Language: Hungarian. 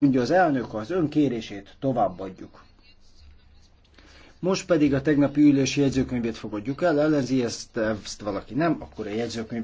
Mondja az elnök, az ön kérését továbbadjuk. Most pedig a tegnapi ülési jegyzőkönyvét fogadjuk el, ellenzi ezt, ezt valaki nem, akkor a jegyzőkönyv